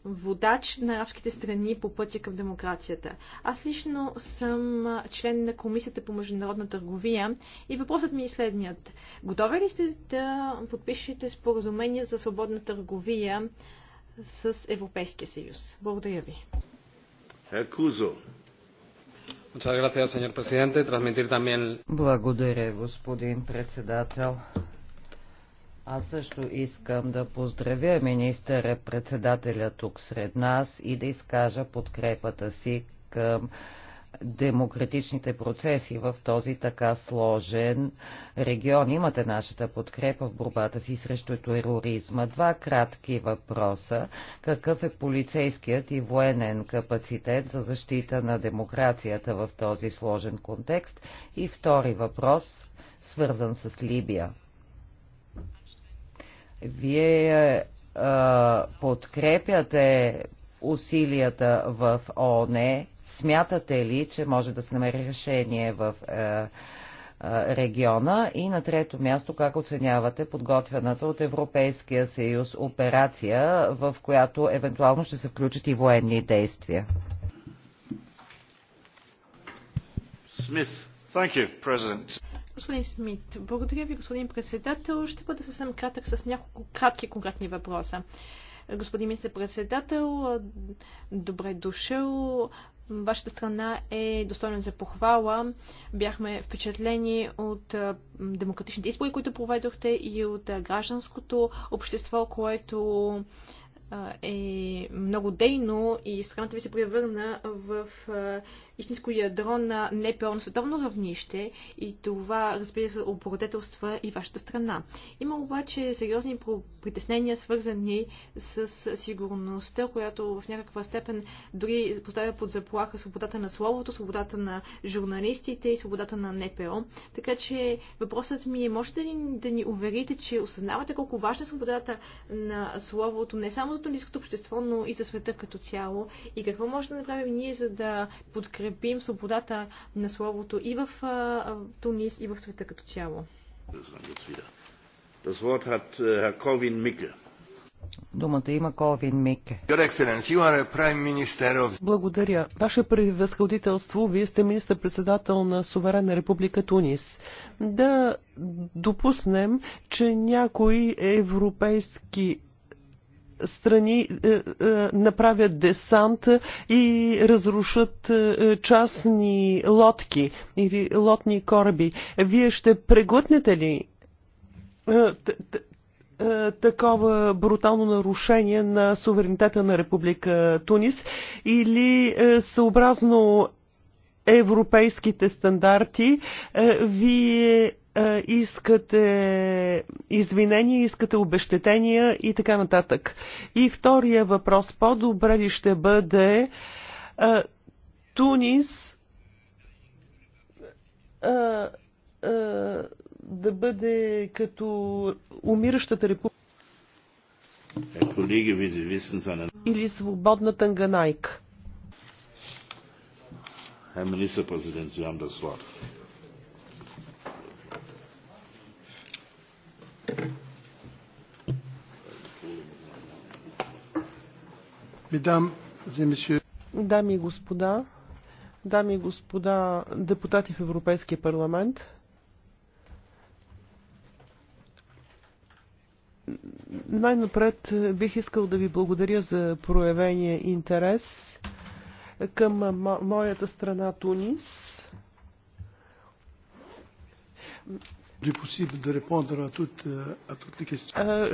[SPEAKER 3] водач на арабските страни по пътя към демокрацията. Аз лично съм член на Комисията по международна търговия и въпросът ми е следният. Готови ли сте да подпишете споразумение за свободна търговия с Европейския съюз?
[SPEAKER 1] Благодаря ви. кузо. Благодаря, господин председател. Аз също искам да поздравя министъра-председателя тук сред нас и да изкажа подкрепата си към демократичните процеси в този така сложен регион. Имате нашата подкрепа в борбата си срещу тероризма. Два кратки въпроса. Какъв е полицейският и военен капацитет за защита на демокрацията в този сложен контекст? И втори въпрос, свързан с Либия. Вие а, подкрепяте усилията в ОНЕ. Смятате ли, че може да се намери решение в е, е, региона и на трето място как оценявате подготвената от Европейския съюз операция, в която евентуално ще се включат и военни действия?
[SPEAKER 2] You,
[SPEAKER 3] господин Смит, благодаря ви, господин председател. Ще бъда съвсем кратък с няколко кратки конкретни въпроса. Господин министър-председател, добре дошъл вашата страна е достойна за похвала. Бяхме впечатлени от демократичните избори, които проведохте и от гражданското общество, което е много дейно и страната ви се превърна в истинско ядро на НПО на световно равнище и това, разбира се, обородетелства и вашата страна. Има обаче сериозни притеснения, свързани с сигурността, която в някаква степен дори поставя под заплаха свободата на словото, свободата на журналистите и свободата на НПО. Така че въпросът ми е, можете ли да ни уверите, че осъзнавате колко важна е свободата на словото не само за тунисското общество, но и за света като цяло и какво може да направим ние, за да подкрепим подкрепим свободата на словото и в Тунис, и в света като цяло.
[SPEAKER 2] Äh,
[SPEAKER 1] Думата има Ковин Мике.
[SPEAKER 2] Благодаря. Ваше превъзходителство, вие сте министър-председател на Суверенна република Тунис. Да допуснем, че някои европейски страни е, е, направят десант и разрушат е, частни лодки или лодни кораби. Вие ще преглътнете ли такова брутално нарушение на суверенитета на Република Тунис или съобразно европейските стандарти вие е, искате извинения, искате обещетения и така нататък. И втория въпрос, по-добре ли ще бъде е, Тунис е, да бъде като умиращата република или свободна танганайка. Herr Ministerpräsident, Sie haben das Wort. Дами и господа, дами и господа депутати в Европейския парламент, най-напред бих искал да ви благодаря за проявения интерес към моята страна Тунис.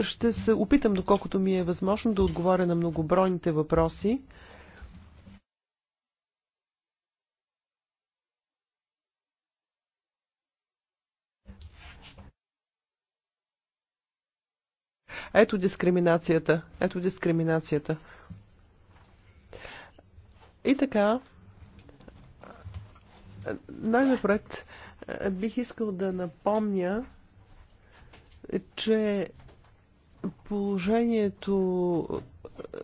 [SPEAKER 2] Ще се опитам, доколкото ми е възможно, да отговоря на многобройните въпроси. Ето дискриминацията. Ето дискриминацията. И така, най-напред, е, бих искал да напомня, че положението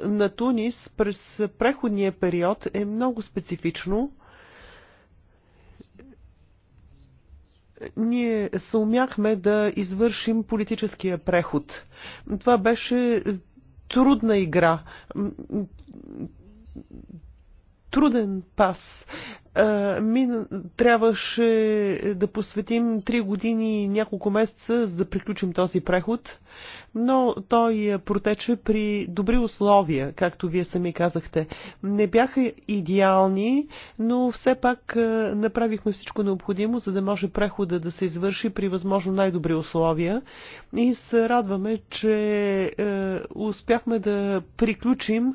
[SPEAKER 2] на Тунис през преходния период е много специфично. Ние се умяхме да извършим политическия преход. Това беше трудна игра труден пас. Е, мин, трябваше да посветим 3 години и няколко месеца, за да приключим този преход, но той е, протече при добри условия, както вие сами казахте. Не бяха идеални, но все пак е, направихме всичко необходимо, за да може прехода да се извърши при възможно най-добри условия и се радваме, че успяхме да приключим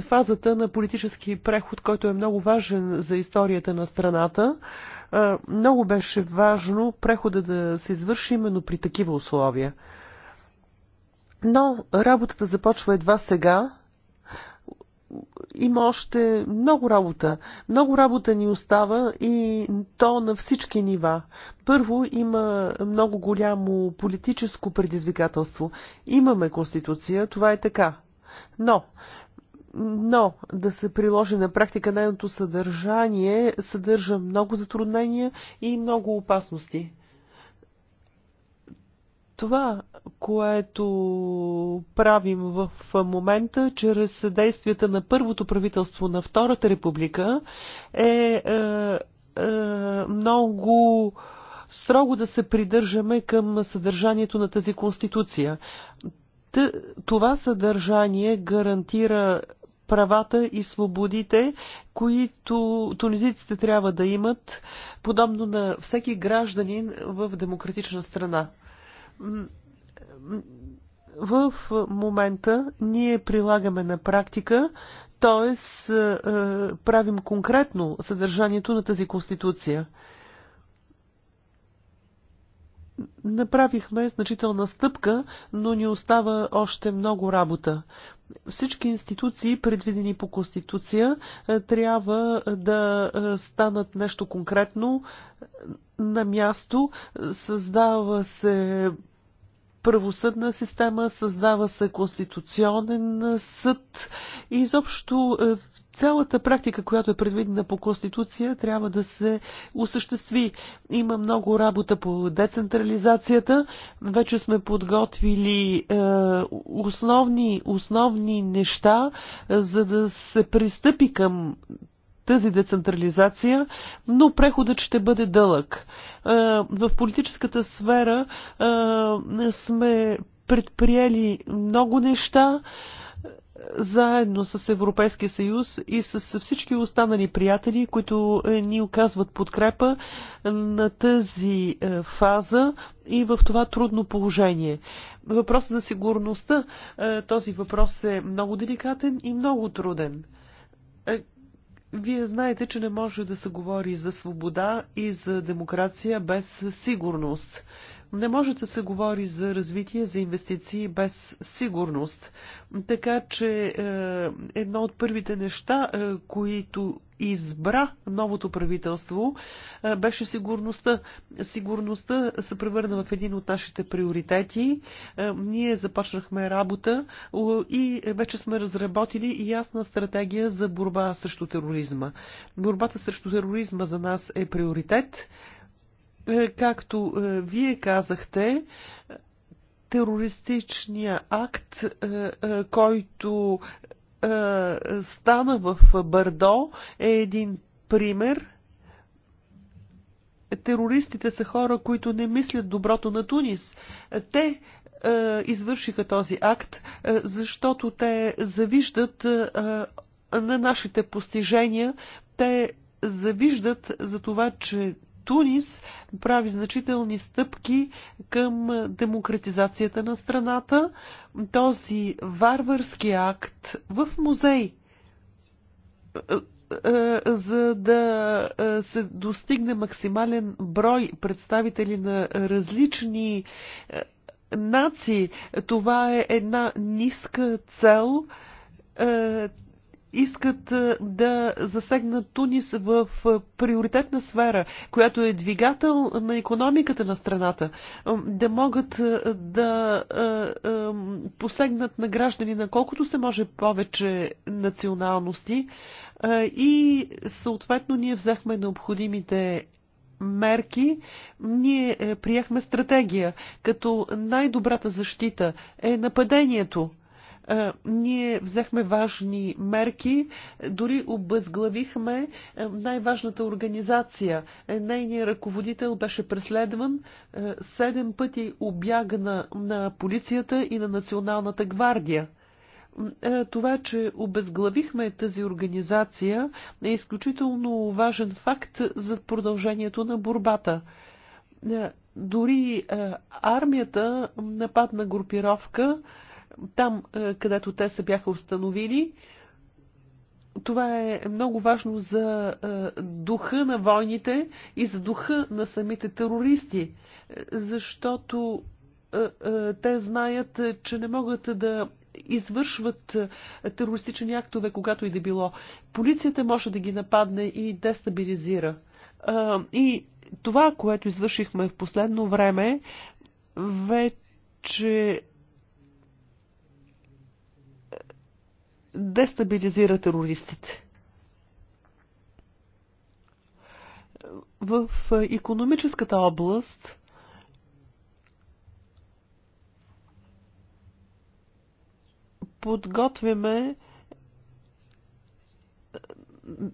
[SPEAKER 2] фазата на политически преход, който е много важен за историята на страната. Много беше важно прехода да се извърши именно при такива условия. Но работата започва едва сега. Има още много работа. Много работа ни остава и то на всички нива. Първо има много голямо политическо предизвикателство. Имаме конституция, това е така. Но но да се приложи на практика нейното съдържание съдържа много затруднения и много опасности. Това, което правим в момента, чрез действията на първото правителство на Втората република, е, е, е много строго да се придържаме към съдържанието на тази конституция. Това съдържание гарантира правата и свободите, които тунизиците трябва да имат, подобно на всеки гражданин в демократична страна. В момента ние прилагаме на практика, т.е. правим конкретно съдържанието на тази конституция. Направихме значителна стъпка, но ни остава още много работа. Всички институции, предвидени по Конституция, е, трябва да е, станат нещо конкретно е, на място. Създава се правосъдна система, създава се конституционен съд и изобщо цялата практика, която е предвидена по Конституция, трябва да се осъществи. Има много работа по децентрализацията. Вече сме подготвили основни, основни неща, за да се пристъпи към тази децентрализация, но преходът ще бъде дълъг. Е, в политическата сфера е, сме предприели много неща е, заедно с Европейския съюз и с всички останали приятели, които ни оказват подкрепа на тази фаза и в това трудно положение. Въпросът за сигурността, този въпрос е много деликатен и много труден. Вие знаете, че не може да се говори за свобода и за демокрация без сигурност. Не може да се говори за развитие, за инвестиции без сигурност. Така че е, едно от първите неща, е, които избра новото правителство, е, беше сигурността. Сигурността се превърна в един от нашите приоритети. Ние започнахме работа и вече сме разработили ясна стратегия за борба срещу тероризма. Борбата срещу тероризма за нас е приоритет. Е, както е, вие казахте, терористичния акт, е, който стана в Бърдо, е един пример. Терористите са хора, които не мислят доброто на Тунис. Те извършиха този акт, защото те завиждат на нашите постижения, те завиждат за това, че Тунис прави значителни стъпки към демократизацията на страната. Този варварски акт в музей е, е, е, за да се достигне максимален брой представители на различни нации. Това е една ниска цел искат да засегнат Тунис в приоритетна сфера, която е двигател на економиката на страната, да могат да посегнат на граждани на колкото се може повече националности и съответно ние взехме необходимите мерки, ние е, приехме стратегия, като най-добрата защита е нападението – ние взехме важни мерки, дори обезглавихме най-важната организация. Е, нейният ръководител беше преследван, седем пъти обягна на полицията и на Националната гвардия това, че обезглавихме тази организация, е изключително важен факт за продължението на борбата. Е, дори е, армията нападна групировка, там, е, където те се бяха установили. Това е много важно за е, духа на войните и за духа на самите терористи, е, защото те знаят, че не могат да извършват терористични актове, когато и да било. Полицията може да ги нападне и дестабилизира. И това, което извършихме в последно време, вече дестабилизира терористите. В економическата област подготвяме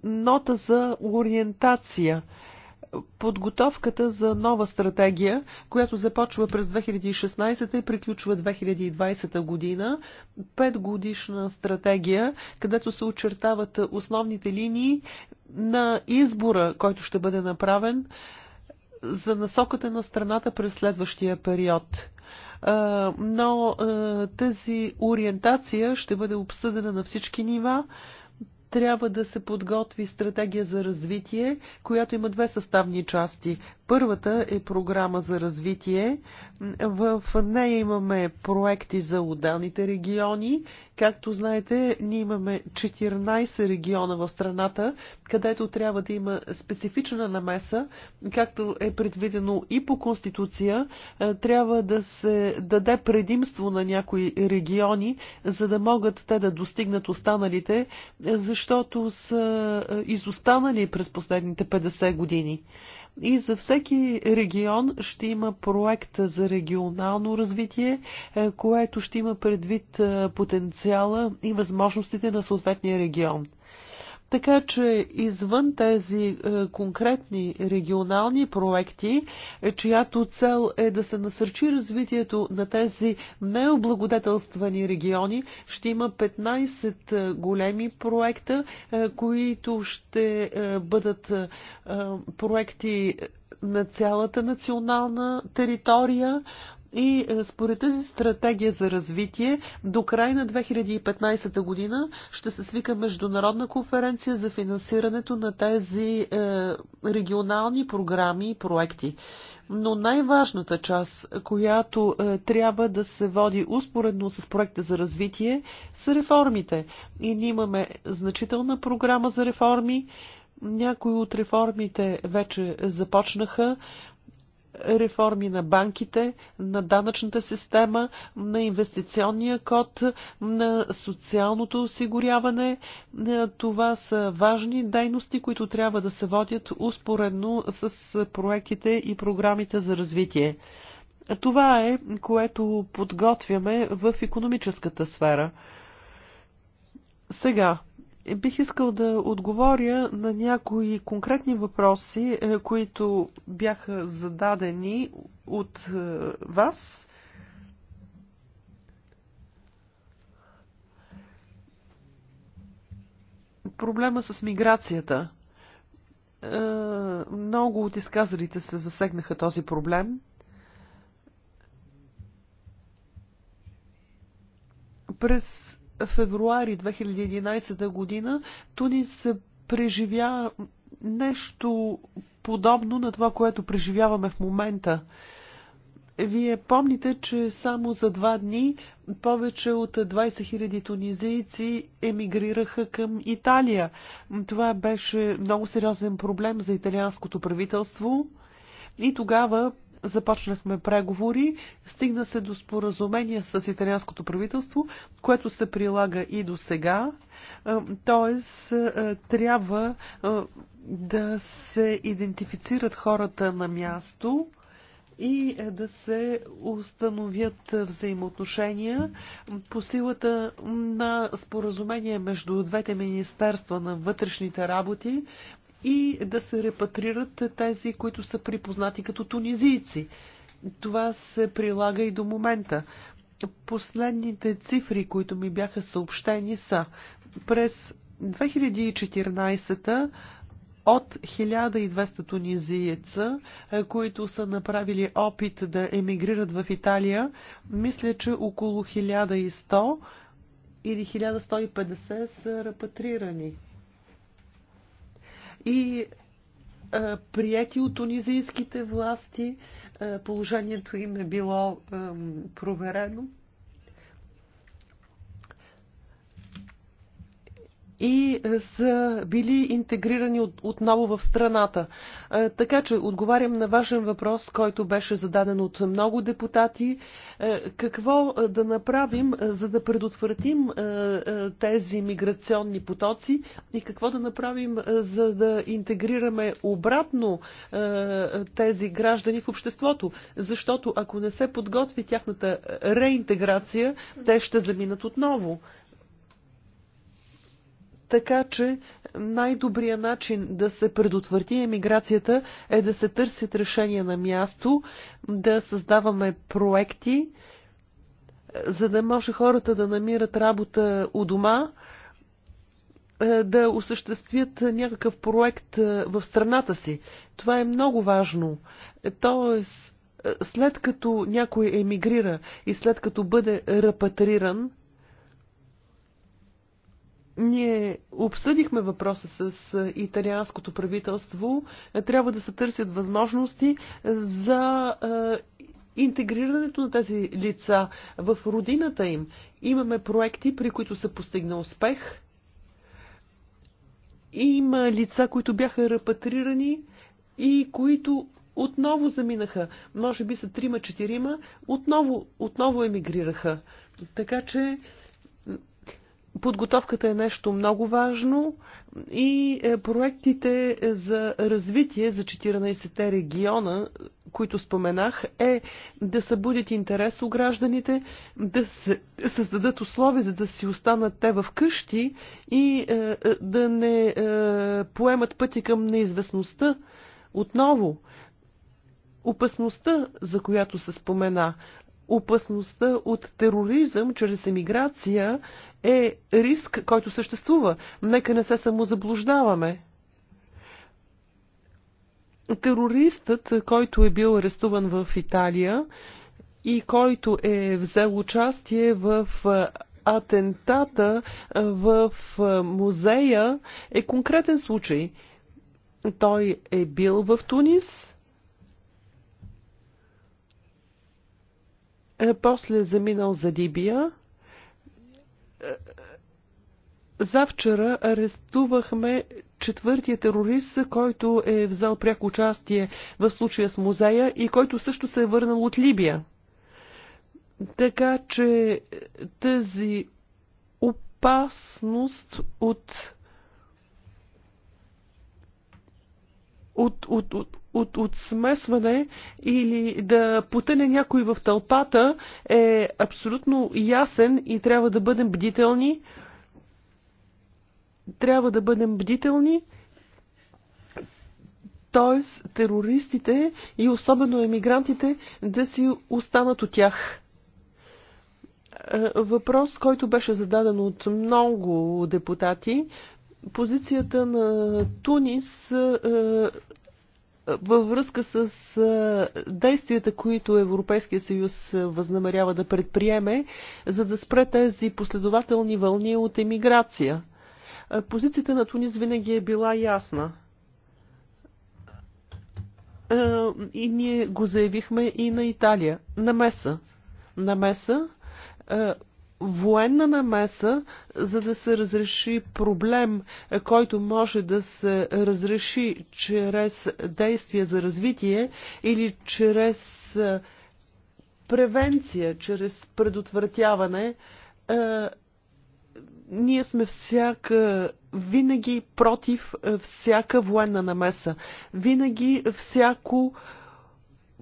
[SPEAKER 2] нота за ориентация – подготовката за нова стратегия, която започва през 2016 и приключва 2020 година. Петгодишна стратегия, където се очертават основните линии на избора, който ще бъде направен за насоката на страната през следващия период. Но тази ориентация ще бъде обсъдена на всички нива трябва да се подготви стратегия за развитие, която има две съставни части. Първата е програма за развитие. В нея имаме проекти за отделните региони Както знаете, ние имаме 14 региона в страната, където трябва да има специфична намеса, както е предвидено и по Конституция. Е, трябва да се даде предимство на някои региони, за да могат те да достигнат останалите, защото са е, изостанали през последните 50 години. И за всеки регион ще има проект за регионално развитие, е, което ще има предвид е, потенциала и възможностите на съответния регион. Така че извън тези е, конкретни регионални проекти, е, чиято цел е да се насърчи развитието на тези необлагодетелствани региони, ще има 15 е, големи проекта, които ще бъдат проекти на цялата национална територия, и е, според тази стратегия за развитие, до край на 2015 година ще се свика международна конференция за финансирането на тези е, регионални програми и проекти. Но най-важната част, която е, трябва да се води успоредно с проекта за развитие, са реформите. И ние имаме значителна програма за реформи. Някои от реформите вече започнаха реформи на банките, на данъчната система, на инвестиционния код, на социалното осигуряване. Е, това са важни дейности, които трябва да се водят успоредно с проектите и програмите за развитие. Това е, което подготвяме в економическата сфера. Сега, Бих искал да отговоря на някои конкретни въпроси, е, които бяха зададени от е, вас. Проблема с миграцията. Е, много от изказалите се засегнаха този проблем. През февруари 2011 година Тунис преживя нещо подобно на това, което преживяваме в момента. Вие помните, че само за два дни повече от 20 000 тунизийци емигрираха към Италия. Това беше много сериозен проблем за италианското правителство. И тогава започнахме преговори, стигна се до споразумение с италианското правителство, което се прилага и до сега. Е, тоест, е, трябва е, да се идентифицират хората на място и да се установят взаимоотношения по силата на споразумение между двете министерства на вътрешните работи и да се репатрират тези, които са припознати като тунизийци. Това се прилага и до момента. Последните цифри, които ми бяха съобщени са през 2014 от 1200 тунизиеца, които са направили опит да емигрират в Италия, мисля, че около 1100 или 1150 са репатрирани и прияти от тунизийските власти. Положението им е било проверено. и е, са били интегрирани от, отново в страната. Е, така че отговарям на вашен въпрос, който беше зададен от много депутати. Е, какво да направим, за да предотвратим тези миграционни потоци и какво да направим, за да интегрираме обратно тези граждани в обществото? Защото ако не се подготви тяхната реинтеграция, те ще заминат отново. Така че най-добрият начин да се предотврати емиграцията е да се търсят решения на място, да създаваме проекти, за да може хората да намират работа у дома, е, да осъществят някакъв проект е, в страната си. Това е много важно. Тоест, е, след като някой емигрира и след като бъде репатриран, ние обсъдихме въпроса с италианското правителство. Трябва да се търсят възможности за интегрирането на тези лица в родината им. Имаме проекти, при които се постигна успех. Има лица, които бяха репатрирани и които отново заминаха. Може би са трима-четирима, отново, отново емигрираха. Така че Подготовката е нещо много важно и е, проектите за развитие за 14-те региона, които споменах, е да събудят интерес у гражданите, да се създадат условия, за да си останат те в къщи и е, да не е, поемат пъти към неизвестността. Отново, опасността, за която се спомена – опасността от тероризъм чрез емиграция е риск, който съществува. Нека не се самозаблуждаваме. Терористът, който е бил арестуван в Италия и който е взел участие в атентата в музея, е конкретен случай. Той е бил в Тунис Е, после заминал за Либия. Е, завчера арестувахме четвъртия терорист, който е взел пряко участие в случая с музея и който също се е върнал от Либия. Така че е, тази опасност от от, от, от, от, от смесване или да потъне някой в тълпата е абсолютно ясен и трябва да бъдем бдителни. Трябва да бъдем бдителни. Т.е. терористите и особено емигрантите да си останат от тях. Е, въпрос, който беше зададен от много депутати, позицията на Тунис е, във връзка с действията, които Европейския съюз възнамерява да предприеме, за да спре тези последователни вълни от емиграция. Позицията на Тунис винаги е била ясна. И ние го заявихме и на Италия. Намеса. Намеса военна намеса, за да се разреши проблем, който може да се разреши чрез действия за развитие или чрез е, превенция, чрез предотвратяване, е, ние сме всяка, винаги против е, всяка военна намеса. Винаги всяко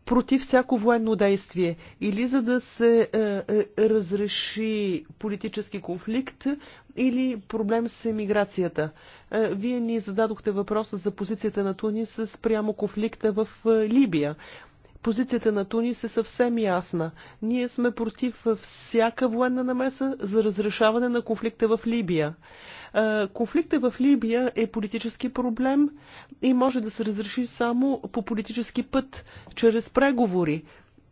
[SPEAKER 2] против всяко военно действие или за да се е, е, разреши политически конфликт или проблем с емиграцията. Е, вие ни зададохте въпроса за позицията на Тунис спрямо конфликта в е, Либия. Позицията на Тунис е съвсем ясна. Ние сме против всяка военна намеса за разрешаване на конфликта в Либия. Е, конфликта в Либия е политически проблем и може да се разреши само по политически път, чрез преговори.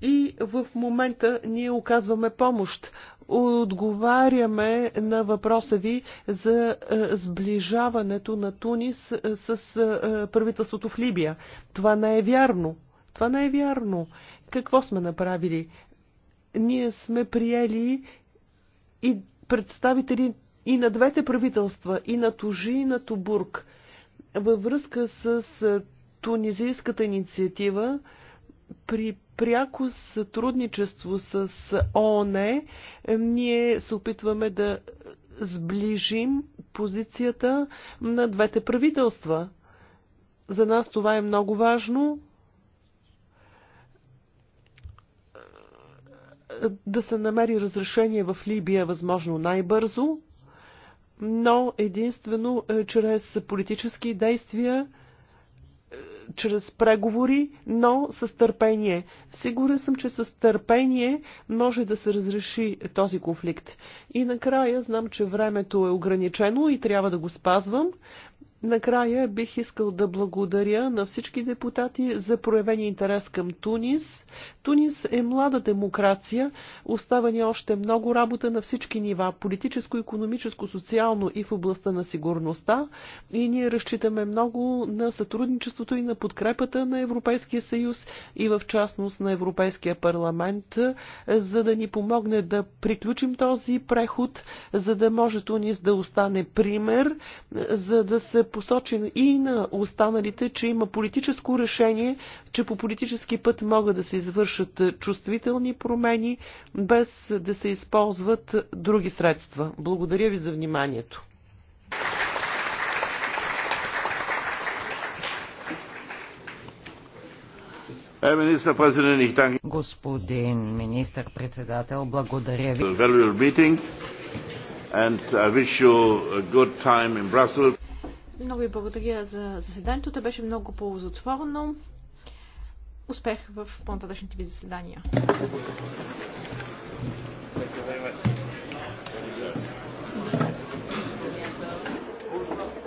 [SPEAKER 2] И в момента ние оказваме помощ. Отговаряме на въпроса ви за е, сближаването на Тунис е, с правителството в Либия. Това не е вярно. Това не е вярно. Какво сме направили? Ние сме приели и представители и на двете правителства, и на Тужи, и на Тубург. Във връзка с тунизийската инициатива, при пряко сътрудничество с ООН, ние се опитваме да сближим позицията на двете правителства. За нас това е много важно, да се намери разрешение в Либия възможно най-бързо, но единствено е, чрез политически действия, е, чрез преговори, но с търпение. Сигурен съм, че с търпение може да се разреши този конфликт. И накрая знам, че времето е ограничено и трябва да го спазвам, Накрая бих искал да благодаря на всички депутати за проявени интерес към Тунис. Тунис е млада демокрация, остава ни още много работа на всички нива – политическо, економическо, социално и в областта на сигурността. И ние разчитаме много на сътрудничеството и на подкрепата на Европейския съюз и в частност на Европейския парламент, за да ни помогне да приключим този преход, за да може Тунис да остане пример, за да се посочи и на останалите, че има политическо решение, че по политически път могат да се извършат е, чувствителни промени, без да се използват други средства. Благодаря ви за вниманието. Е,
[SPEAKER 1] Господин министр председател благодаря
[SPEAKER 2] ви.
[SPEAKER 3] Много ви благодаря за заседанието. Те беше много ползотворно. Успех в по-нататъчните ви заседания. Thank you very much.